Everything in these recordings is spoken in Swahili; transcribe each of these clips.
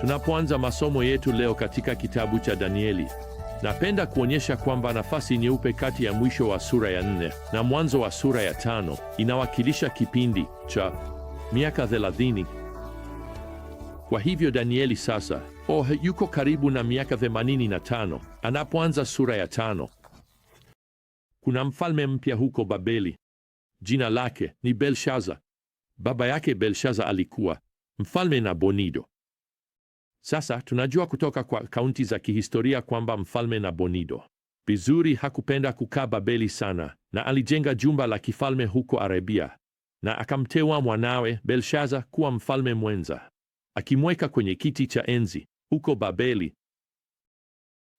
Tunapoanza masomo yetu leo katika kitabu cha Danieli, napenda kuonyesha kwamba nafasi nyeupe kati ya mwisho wa sura ya nne na mwanzo wa sura ya tano inawakilisha kipindi cha miaka thelathini. Kwa hivyo Danieli sasa oh, yuko karibu na miaka 85 anapoanza sura ya tano. Kuna mfalme mpya huko Babeli, jina lake ni Belshaza. Baba yake Belshaza alikuwa mfalme Nabonido sasa tunajua kutoka kwa kaunti za kihistoria kwamba mfalme Nabonido vizuri hakupenda kukaa Babeli sana, na alijenga jumba la kifalme huko Arabia, na akamteua mwanawe Belshaza kuwa mfalme mwenza, akimweka kwenye kiti cha enzi huko Babeli.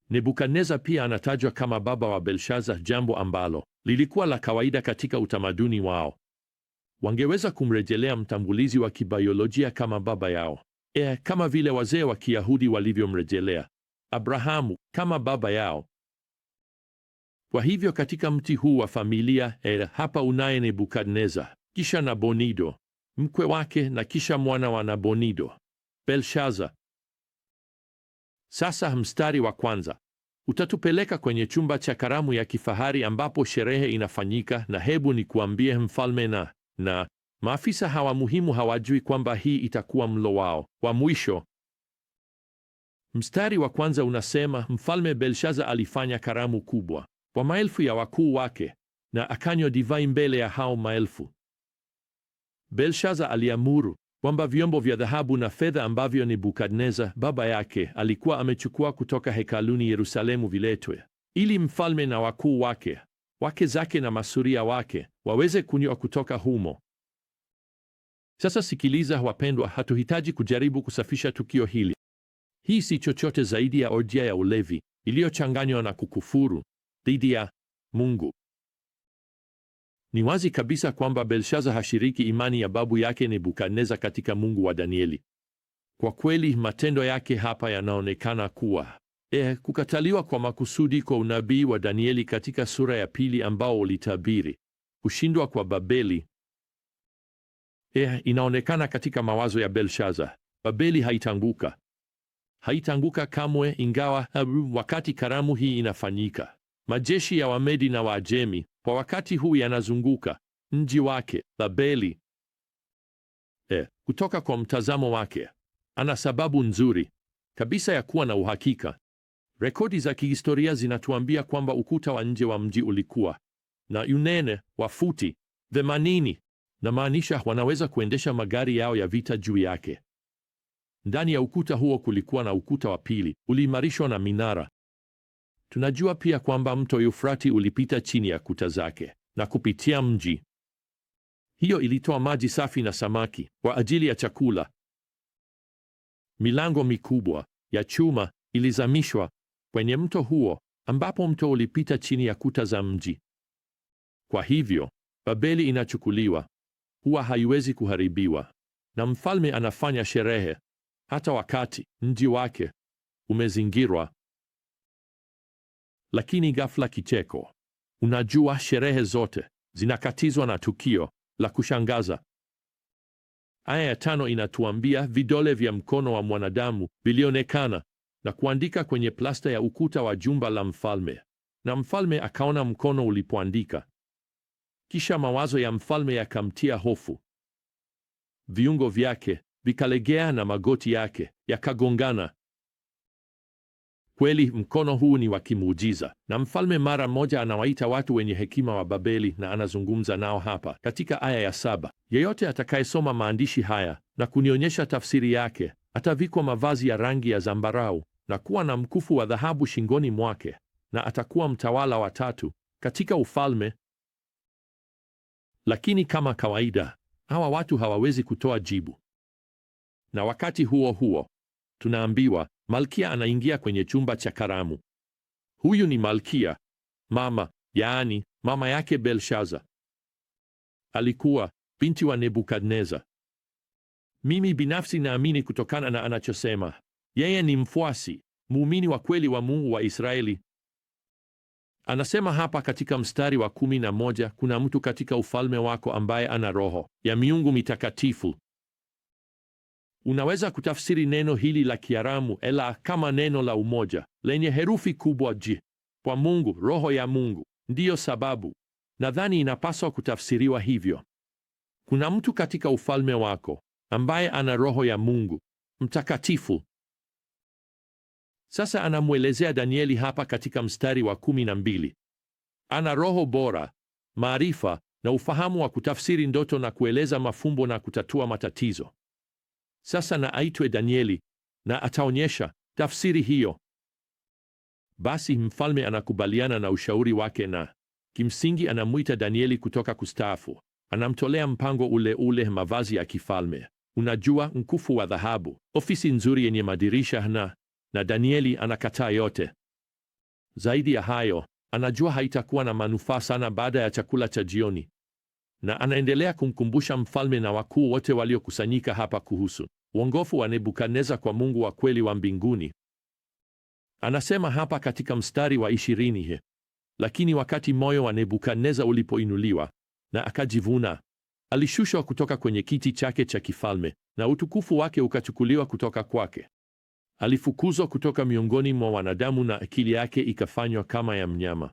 Nebukadneza pia anatajwa kama baba wa Belshaza, jambo ambalo lilikuwa la kawaida katika utamaduni wao. Wangeweza kumrejelea mtambulizi wa kibayolojia kama baba yao E, kama vile wazee wa Kiyahudi walivyomrejelea Abrahamu kama baba yao. Kwa hivyo katika mti huu wa familia e, hapa unaye Nebukadneza, kisha Nabonido mkwe wake, na kisha mwana wa Nabonido Belshaza. Sasa mstari wa kwanza utatupeleka kwenye chumba cha karamu ya kifahari ambapo sherehe inafanyika, na hebu ni kuambie mfalme na na Maafisa hawa muhimu hawajui kwamba hii itakuwa mlo wao wa mwisho. Mstari wa kwanza unasema Mfalme Belshaza alifanya karamu kubwa kwa maelfu ya wakuu wake na akanywa divai mbele ya hao maelfu. Belshaza aliamuru kwamba vyombo vya dhahabu na fedha ambavyo Nebukadneza baba yake alikuwa amechukua kutoka hekaluni Yerusalemu viletwe ili mfalme na wakuu wake, wake zake na masuria wake waweze kunywa kutoka humo. Sasa sikiliza wapendwa, hatuhitaji kujaribu kusafisha tukio hili. Hii si chochote zaidi ya orgia ya ulevi iliyochanganywa na kukufuru dhidi ya Mungu. Ni wazi kabisa kwamba Belshaza hashiriki imani ya babu yake Nebukadneza katika Mungu wa Danieli. Kwa kweli matendo yake hapa yanaonekana kuwa eh, kukataliwa kwa makusudi kwa unabii wa Danieli katika sura ya pili ambao ulitabiri kushindwa kwa Babeli eh, inaonekana katika mawazo ya Belshaza, Babeli haitanguka, haitanguka kamwe. Ingawa eh, wakati karamu hii inafanyika, majeshi ya Wamedi na Waajemi kwa wakati huu yanazunguka mji wake Babeli. Eh, kutoka kwa mtazamo wake, ana sababu nzuri kabisa ya kuwa na uhakika. Rekodi za kihistoria zinatuambia kwamba ukuta wa nje wa mji ulikuwa na unene wa futi themanini namaanisha wanaweza kuendesha magari yao ya vita juu yake. Ndani ya ukuta huo kulikuwa na ukuta wa pili, uliimarishwa na minara. Tunajua pia kwamba mto Yufrati ulipita chini ya kuta zake na kupitia mji. Hiyo ilitoa maji safi na samaki kwa ajili ya chakula. Milango mikubwa ya chuma ilizamishwa kwenye mto huo, ambapo mto ulipita chini ya kuta za mji. Kwa hivyo Babeli inachukuliwa huwa haiwezi kuharibiwa, na mfalme anafanya sherehe hata wakati mji wake umezingirwa. Lakini ghafla kicheko. Unajua, sherehe zote zinakatizwa na tukio la kushangaza. Aya ya tano inatuambia vidole vya mkono wa mwanadamu vilionekana na kuandika kwenye plasta ya ukuta wa jumba la mfalme, na mfalme akaona mkono ulipoandika. Kisha mawazo ya mfalme yakamtia hofu, viungo vyake vikalegea na magoti yake yakagongana. Kweli mkono huu ni wa kimuujiza, na mfalme mara moja anawaita watu wenye hekima wa Babeli na anazungumza nao hapa katika aya ya saba. Yeyote atakayesoma maandishi haya na kunionyesha tafsiri yake atavikwa mavazi ya rangi ya zambarau na kuwa na mkufu wa dhahabu shingoni mwake, na atakuwa mtawala wa tatu katika ufalme lakini kama kawaida, hawa watu hawawezi kutoa jibu. Na wakati huo huo tunaambiwa malkia anaingia kwenye chumba cha karamu. Huyu ni malkia mama, yaani mama yake Belshaza alikuwa binti wa Nebukadneza. Mimi binafsi naamini kutokana na anachosema, yeye ni mfuasi muumini wa kweli wa Mungu wa Israeli Anasema hapa katika mstari wa kumi na moja kuna mtu katika ufalme wako ambaye ana roho ya miungu mitakatifu. Unaweza kutafsiri neno hili la Kiaramu ela kama neno la umoja lenye herufi kubwa J kwa Mungu, roho ya Mungu. Ndiyo sababu nadhani inapaswa kutafsiriwa hivyo. Kuna mtu katika ufalme wako ambaye ana roho ya Mungu mtakatifu. Sasa anamwelezea Danieli hapa katika mstari wa kumi na mbili. Ana roho bora, maarifa na ufahamu wa kutafsiri ndoto na kueleza mafumbo na kutatua matatizo. Sasa na aitwe Danieli na ataonyesha tafsiri hiyo. Basi mfalme anakubaliana na ushauri wake na kimsingi anamwita Danieli kutoka kustaafu. Anamtolea mpango ule ule, mavazi ya kifalme, unajua, mkufu wa dhahabu, ofisi nzuri yenye madirisha na na Danieli anakataa yote. Zaidi ya hayo, anajua haitakuwa na manufaa sana baada ya chakula cha jioni, na anaendelea kumkumbusha mfalme na wakuu wote waliokusanyika hapa kuhusu uongofu wa Nebukadneza kwa Mungu wa kweli wa mbinguni. Anasema hapa katika mstari wa ishirini he, lakini wakati moyo wa Nebukadneza ulipoinuliwa na akajivuna, alishushwa kutoka kwenye kiti chake cha kifalme na utukufu wake ukachukuliwa kutoka kwake. Alifukuzwa kutoka miongoni mwa wanadamu na akili yake ikafanywa kama ya mnyama,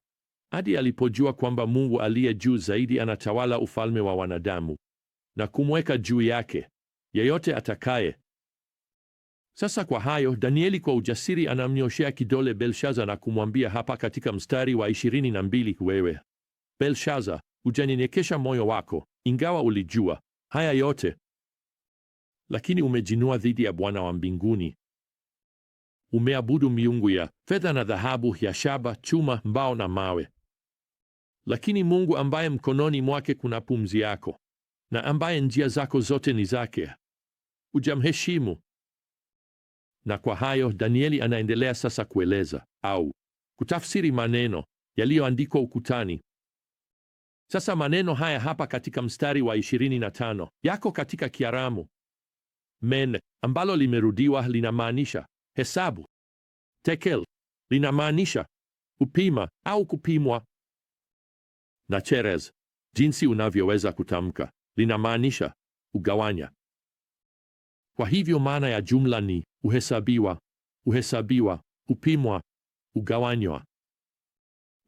hadi alipojua kwamba Mungu aliye juu zaidi anatawala ufalme wa wanadamu na kumweka juu yake yeyote atakaye. Sasa kwa hayo, Danieli kwa ujasiri anamnyoshea kidole Belshaza na kumwambia hapa katika mstari wa 22, wewe Belshaza ujanyenyekesha moyo wako, ingawa ulijua haya yote, lakini umejinua dhidi ya Bwana wa mbinguni umeabudu miungu ya fedha na dhahabu, ya shaba, chuma, mbao na mawe. Lakini Mungu ambaye mkononi mwake kuna pumzi yako na ambaye njia zako zote ni zake, hujamheshimu. Na kwa hayo Danieli anaendelea sasa kueleza au kutafsiri maneno yaliyoandikwa ukutani. Sasa maneno haya hapa katika mstari wa 25 yako katika Kiaramu men, ambalo limerudiwa linamaanisha hesabu. Tekel linamaanisha kupima au kupimwa, na cherez, jinsi unavyoweza kutamka, linamaanisha ugawanya. Kwa hivyo maana ya jumla ni uhesabiwa, uhesabiwa, upimwa, ugawanywa.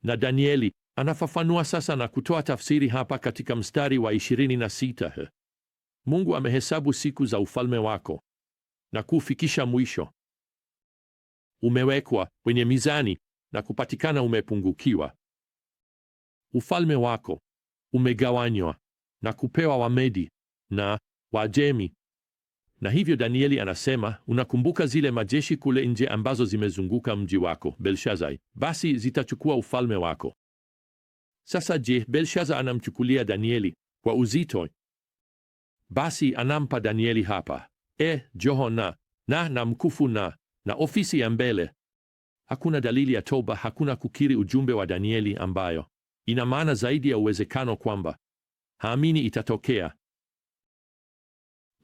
Na Danieli anafafanua sasa na kutoa tafsiri hapa katika mstari wa 26. Mungu amehesabu siku za ufalme wako na kuufikisha mwisho umewekwa kwenye mizani na kupatikana umepungukiwa. Ufalme wako umegawanywa na kupewa Wamedi na Wajemi. Na hivyo Danieli anasema, unakumbuka zile majeshi kule nje ambazo zimezunguka mji wako Belshazai, basi zitachukua ufalme wako. Sasa je, Belshaza anamchukulia Danieli kwa uzito? Basi anampa Danieli hapa e eh, Johona na na mkufu na na ofisi ya mbele. Hakuna dalili ya toba, hakuna kukiri ujumbe wa Danieli, ambayo ina maana zaidi ya uwezekano kwamba haamini itatokea.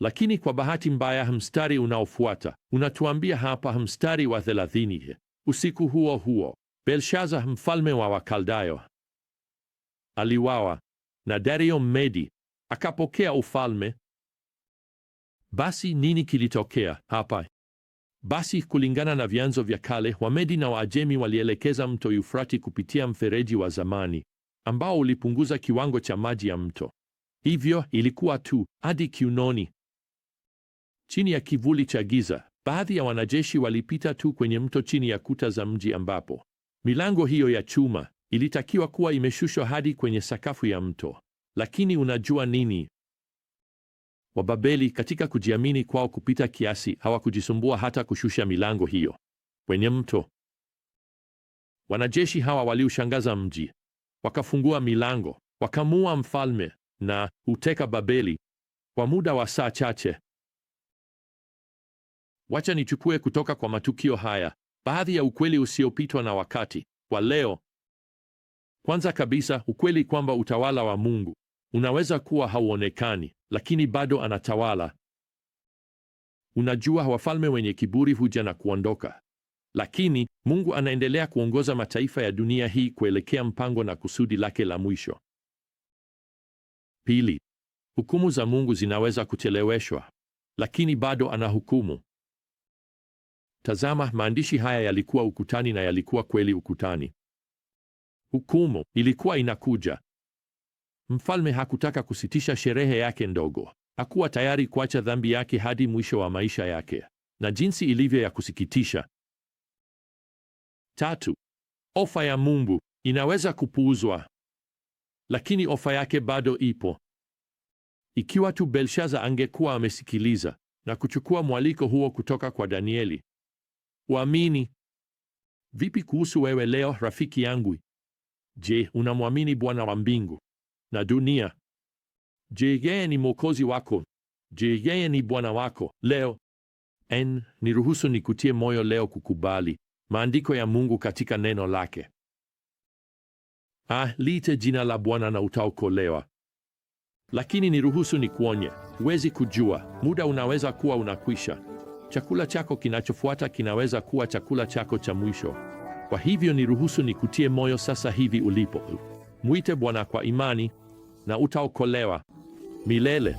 Lakini kwa bahati mbaya, mstari unaofuata unatuambia hapa, mstari wa thelathini, usiku huo huo Belshaza mfalme wa Wakaldayo aliwawa na Dario Medi akapokea ufalme. Basi nini kilitokea hapa? Basi kulingana na vyanzo vya kale, Wamedi na Waajemi walielekeza mto Yufrati kupitia mfereji wa zamani ambao ulipunguza kiwango cha maji ya mto, hivyo ilikuwa tu hadi kiunoni. Chini ya kivuli cha giza, baadhi ya wanajeshi walipita tu kwenye mto chini ya kuta za mji, ambapo milango hiyo ya chuma ilitakiwa kuwa imeshushwa hadi kwenye sakafu ya mto. Lakini unajua nini? wa babeli katika kujiamini kwao kupita kiasi hawakujisumbua hata kushusha milango hiyo kwenye mto. Wanajeshi hawa waliushangaza mji, wakafungua milango, wakamua mfalme na huteka Babeli kwa muda wa saa chache. Wacha nichukue kutoka kwa matukio haya baadhi ya ukweli usiopitwa na wakati kwa leo. Kwanza kabisa, ukweli kwamba utawala wa Mungu Unaweza kuwa hauonekani, lakini bado anatawala. Unajua, wafalme wenye kiburi huja na kuondoka, lakini Mungu anaendelea kuongoza mataifa ya dunia hii kuelekea mpango na kusudi lake la mwisho. Pili, hukumu za Mungu zinaweza kucheleweshwa, lakini bado anahukumu. Tazama, maandishi haya yalikuwa ukutani na yalikuwa kweli ukutani. Hukumu ilikuwa inakuja. Mfalme hakutaka kusitisha sherehe yake ndogo. Hakuwa tayari kuacha dhambi yake hadi mwisho wa maisha yake, na jinsi ilivyo ya kusikitisha. Tatu, ofa ya Mungu inaweza kupuuzwa, lakini ofa yake bado ipo. Ikiwa tu Belshaza angekuwa amesikiliza na kuchukua mwaliko huo kutoka kwa Danieli. Uamini vipi kuhusu wewe leo, rafiki yangu? Je, unamwamini Bwana wa mbingu? na dunia. Je, ni mwokozi wako? Je, ni Bwana wako leo? En, niruhusu nikutie moyo leo kukubali maandiko ya Mungu katika neno lake. Ah, liite jina la Bwana na utaokolewa. Lakini niruhusu nikuonye, huwezi kujua muda unaweza kuwa unakwisha. Chakula chako kinachofuata kinaweza kuwa chakula chako cha mwisho. Kwa hivyo niruhusu nikutie moyo sasa hivi ulipo, mwite Bwana kwa imani na utaokolewa milele.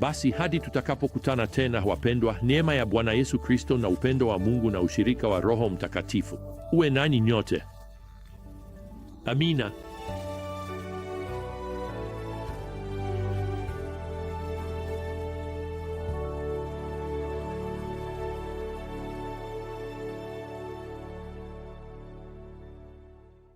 Basi hadi tutakapokutana tena, wapendwa, neema ya Bwana Yesu Kristo na upendo wa Mungu na ushirika wa Roho Mtakatifu uwe nani nyote. Amina.